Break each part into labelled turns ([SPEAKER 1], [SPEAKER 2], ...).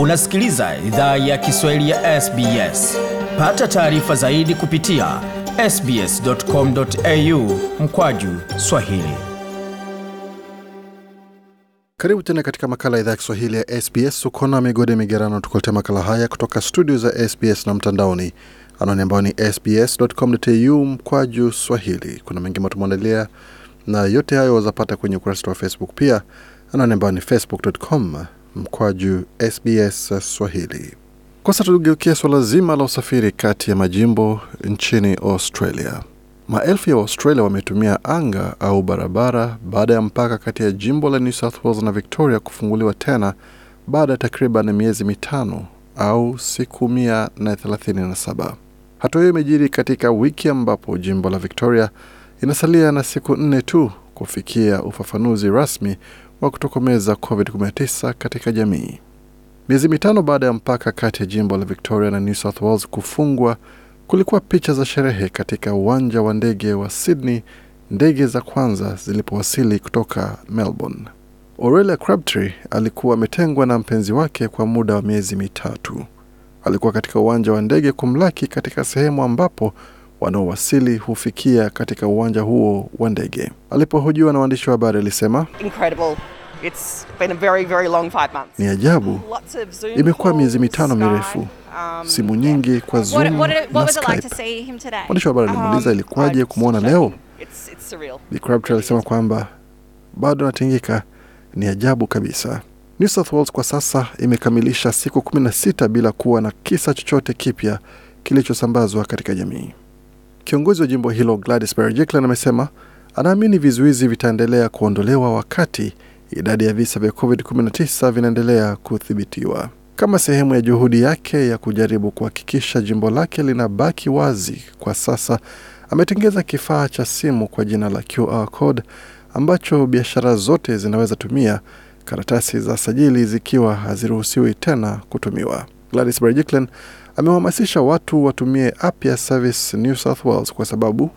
[SPEAKER 1] Unasikiliza idhaa ya Kiswahili ya SBS. Pata taarifa zaidi kupitia sbs.com.au mkwaju swahili. Karibu tena katika makala ya idhaa ya Kiswahili ya SBS. Ukona migode migerano, tukuletea makala haya kutoka studio za SBS na mtandaoni, anaoni ambao ni sbs.com.au mkwaju swahili. Kuna mengi matumwandalia na yote hayo wazapata kwenye ukurasa wa Facebook, pia anaoni ambao ni facebook.com mkwaju SBS Swahili. Kwa sasa tugeukia swala zima la usafiri kati ya majimbo nchini Australia. Maelfu ya waustralia wametumia anga au barabara baada ya mpaka kati ya jimbo la New South Wales na Victoria kufunguliwa tena baada ya takriban miezi mitano au siku mia na thelathini na saba. Hatua hiyo imejiri katika wiki ambapo jimbo la Victoria inasalia na siku nne tu kufikia ufafanuzi rasmi wa kutokomeza COVID-19 katika jamii. Miezi mitano baada ya mpaka kati ya jimbo la Victoria na New South Wales kufungwa, kulikuwa picha za sherehe katika uwanja wa ndege wa Sydney ndege za kwanza zilipowasili kutoka Melbourne. Aurelia Crabtree alikuwa ametengwa na mpenzi wake kwa muda wa miezi mitatu. Alikuwa katika uwanja wa ndege kumlaki katika sehemu ambapo wanaowasili hufikia katika uwanja huo wa ndege. Alipohojiwa na waandishi wa habari alisema ni ajabu, imekuwa miezi mitano mirefu um, simu nyingi kwa Zoom na Skype. Mwandishi wa habari alimuuliza um, ilikuwaje kumwona leo. Bi Crabtree alisema kwamba bado anatingika, ni ajabu kabisa. New South Wales kwa sasa imekamilisha siku 16 bila kuwa na kisa chochote kipya kilichosambazwa katika jamii. Kiongozi wa jimbo hilo Gladys Berejiklian amesema anaamini vizuizi vitaendelea kuondolewa wakati idadi ya visa vya COVID-19 vinaendelea kudhibitiwa. Kama sehemu ya juhudi yake ya kujaribu kuhakikisha jimbo lake linabaki wazi kwa sasa, ametengeza kifaa cha simu kwa jina la QR code ambacho biashara zote zinaweza tumia, karatasi za sajili zikiwa haziruhusiwi tena kutumiwa. Gladys Berejiklian amewahamasisha watu watumie app ya Service New South Wales kwa sababu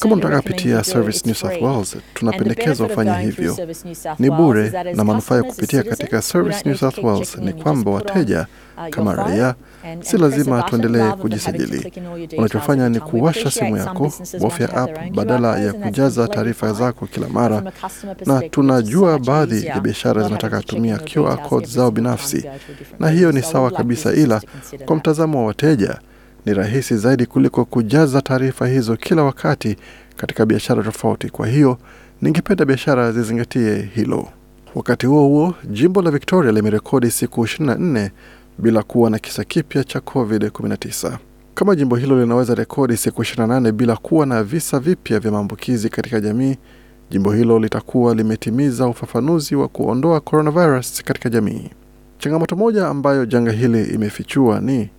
[SPEAKER 1] kama unataka kupitia Service New South Wales, tunapendekeza wafanye hivyo, ni bure, na manufaa ya kupitia katika Service New South Wales ni kwamba wateja uh, kama raia si lazima tuendelee kujisajili. Unachofanya ni kuwasha simu yako, bofya app badala ya kujaza taarifa zako kila mara, na tunajua baadhi ya biashara zinataka tumia QR codes zao binafsi, na hiyo ni sawa sawa kabisa, ila kwa mtazamo wa wateja ni rahisi zaidi kuliko kujaza taarifa hizo kila wakati katika biashara tofauti. Kwa hiyo ningependa biashara zizingatie hilo. Wakati huo huo, jimbo la Victoria limerekodi siku 24 bila kuwa na kisa kipya cha COVID-19. Kama jimbo hilo linaweza rekodi siku 28 bila kuwa na visa vipya vya maambukizi katika jamii, jimbo hilo litakuwa limetimiza ufafanuzi wa kuondoa coronavirus katika jamii. Changamoto moja ambayo janga hili imefichua ni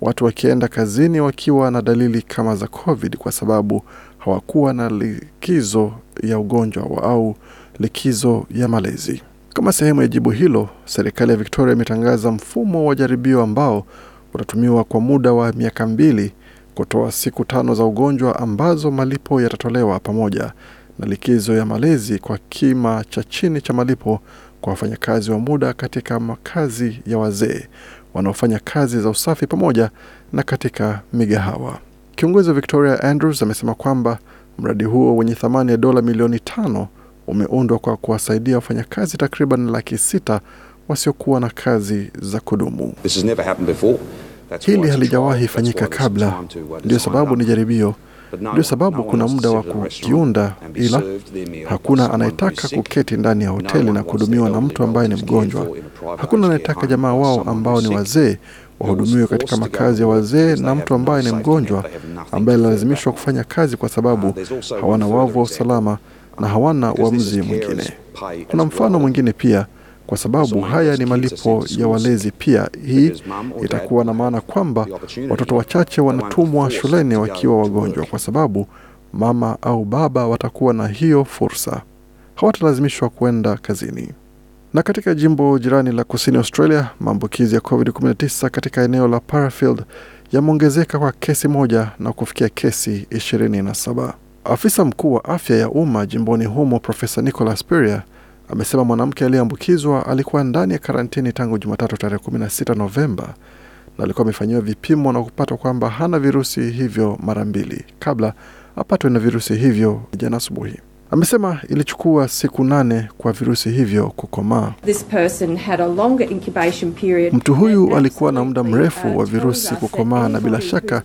[SPEAKER 1] watu wakienda kazini wakiwa na dalili kama za COVID kwa sababu hawakuwa na likizo ya ugonjwa au likizo ya malezi. Kama sehemu ya jibu hilo, serikali ya Victoria imetangaza mfumo wa jaribio ambao utatumiwa kwa muda wa miaka mbili kutoa siku tano za ugonjwa ambazo malipo yatatolewa pamoja na likizo ya malezi kwa kima cha chini cha malipo kwa wafanyakazi wa muda katika makazi ya wazee wanaofanya kazi za usafi pamoja na katika migahawa. Kiongozi wa Victoria Andrews amesema kwamba mradi huo wenye thamani ya dola milioni tano umeundwa kwa kuwasaidia wafanyakazi takriban laki sita wasiokuwa na kazi za kudumu. Hili halijawahi fanyika kabla, ndio sababu ni jaribio ndio sababu kuna muda wa kukiunda ila hakuna anayetaka kuketi ndani ya hoteli na kuhudumiwa na mtu ambaye ni mgonjwa. Hakuna anayetaka jamaa wao ambao ni wazee wahudumiwe katika makazi ya wazee na mtu ambaye ni mgonjwa ambaye alilazimishwa kufanya kazi kwa sababu ah, hawana wavu wa usalama na hawana uamuzi mwingine. Kuna mfano mwingine pia kwa sababu haya ni malipo ya walezi. Pia hii itakuwa na maana kwamba watoto wachache wanatumwa shuleni wakiwa wagonjwa, kwa sababu mama au baba watakuwa na hiyo fursa, hawatalazimishwa kwenda kazini. Na katika jimbo jirani la kusini Australia, maambukizi ya COVID-19 katika eneo la Parafield yameongezeka kwa kesi moja na kufikia kesi 27. Afisa mkuu wa afya ya umma jimboni humo Profesa Nicholas peria amesema mwanamke aliyeambukizwa alikuwa ndani ya karantini tangu Jumatatu tarehe 16 Novemba na alikuwa amefanyiwa vipimo na kupatwa kwamba hana virusi hivyo mara mbili kabla apatwe na virusi hivyo jana asubuhi. Amesema ilichukua siku nane kwa virusi hivyo kukomaa. Mtu huyu alikuwa na muda mrefu wa virusi kukomaa, na bila shaka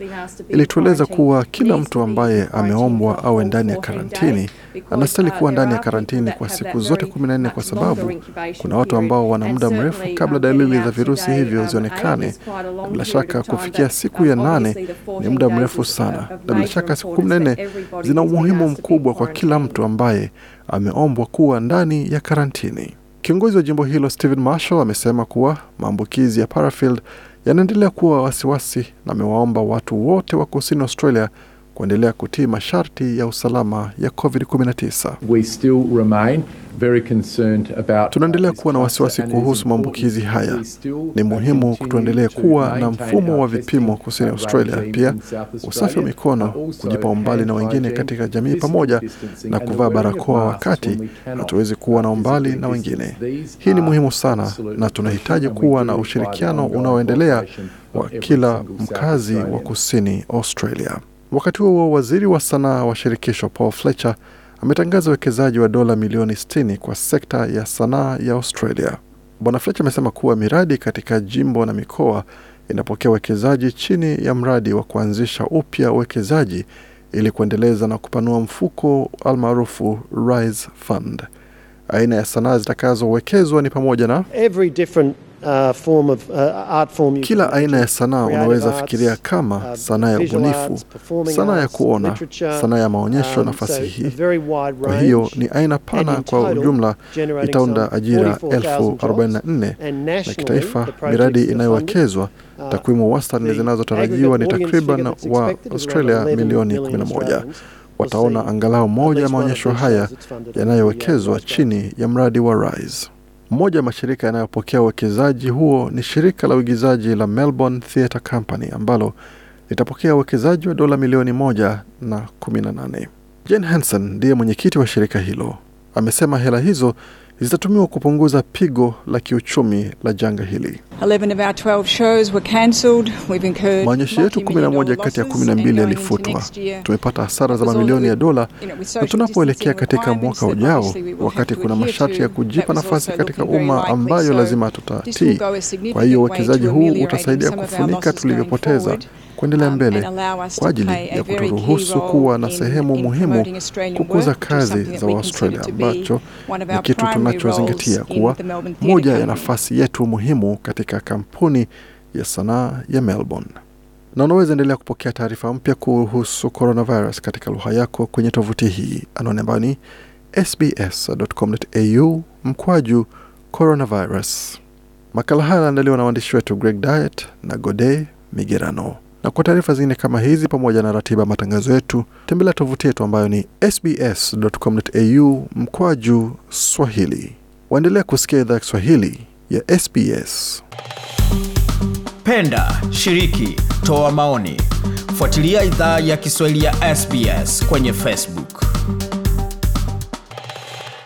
[SPEAKER 1] ilitueleza kuwa kila mtu ambaye ameombwa awe ndani ya karantini anastahili uh, kuwa ndani ya karantini kwa siku zote kumi na nne kwa sababu kuna watu ambao wana muda mrefu uh, kabla dalili za virusi hivyo um, zionekane, na bila shaka kufikia um, siku ya nane ni muda mrefu sana, na bila shaka siku kumi na nne zina umuhimu mkubwa kwa kila mtu ambaye ameombwa kuwa ndani ya karantini. Kiongozi wa jimbo hilo Stephen Marshall amesema kuwa maambukizi ya Parafield yanaendelea kuwa wasiwasi, na amewaomba watu wote wa kusini Australia kuendelea kutii masharti ya usalama ya COVID-19. Tunaendelea kuwa na wasiwasi kuhusu maambukizi haya. Ni muhimu tuendelee kuwa na mfumo wa vipimo kusini Australia, pia usafi wa mikono, kujipa umbali na wengine katika jamii, pamoja na kuvaa barakoa wakati hatuwezi kuwa na umbali na wengine. Hii ni muhimu sana, na tunahitaji kuwa na ushirikiano unaoendelea wa kila mkazi wa kusini Australia. Wakati huo huo waziri wa sanaa wa shirikisho Paul Fletcher ametangaza uwekezaji wa dola milioni 60 kwa sekta ya sanaa ya Australia. Bwana Fletcher amesema kuwa miradi katika jimbo na mikoa inapokea uwekezaji chini ya mradi wa kuanzisha upya uwekezaji ili kuendeleza na kupanua mfuko almaarufu Rise Fund. Aina ya sanaa zitakazowekezwa ni pamoja na Every different Uh, uh, Kila aina ya sanaa unaweza fikiria uh, kama sanaa ya ubunifu, sanaa ya kuona, sanaa ya maonyesho um, nafasi hii Kwa hiyo ni aina pana. Kwa ujumla itaunda ajira 44 na na kitaifa. Miradi inayowekezwa, takwimu wastani zinazotarajiwa ni takriban wa Australia milioni 11 wataona angalau moja ya maonyesho haya yanayowekezwa chini ya mradi wa Rise. Moja ya mashirika yanayopokea uwekezaji huo ni shirika la uigizaji la Melbourne Theatre Company ambalo litapokea uwekezaji wa dola milioni moja na kumi na nane. Jane Hanson ndiye mwenyekiti wa shirika hilo, amesema hela hizo zitatumiwa kupunguza pigo la kiuchumi la janga hili. Maonyesho yetu 11 kati ya 12 yalifutwa. Tumepata hasara za mamilioni ya dola, na tunapoelekea katika mwaka ujao, wakati kuna masharti ya kujipa nafasi katika umma ambayo lazima tutatii. Kwa hiyo uwekezaji huu utasaidia kufunika tulivyopoteza kuendelea um, mbele kwa ajili ya kuturuhusu kuwa na sehemu muhimu kukuza kazi za Waustralia, ambacho ni kitu tunachozingatia kuwa moja ya nafasi yetu muhimu katika kampuni ya sanaa ya Melbourne. Na unaweza endelea kupokea taarifa mpya kuhusu coronavirus katika lugha yako kwenye tovuti hii, anwani ambayo ni sbs.com.au mkwaju coronavirus. Makala haya yanaandaliwa na waandishi wetu Greg Diet na Gode Migerano. Na kwa taarifa zingine kama hizi pamoja na ratiba matangazo yetu, tembelea tovuti yetu ambayo ni sbs.com.au mkwaju Swahili. Waendelea kusikia idhaa Kiswahili ya SBS. Penda, shiriki, toa maoni, fuatilia idhaa ya Kiswahili ya SBS kwenye Facebook.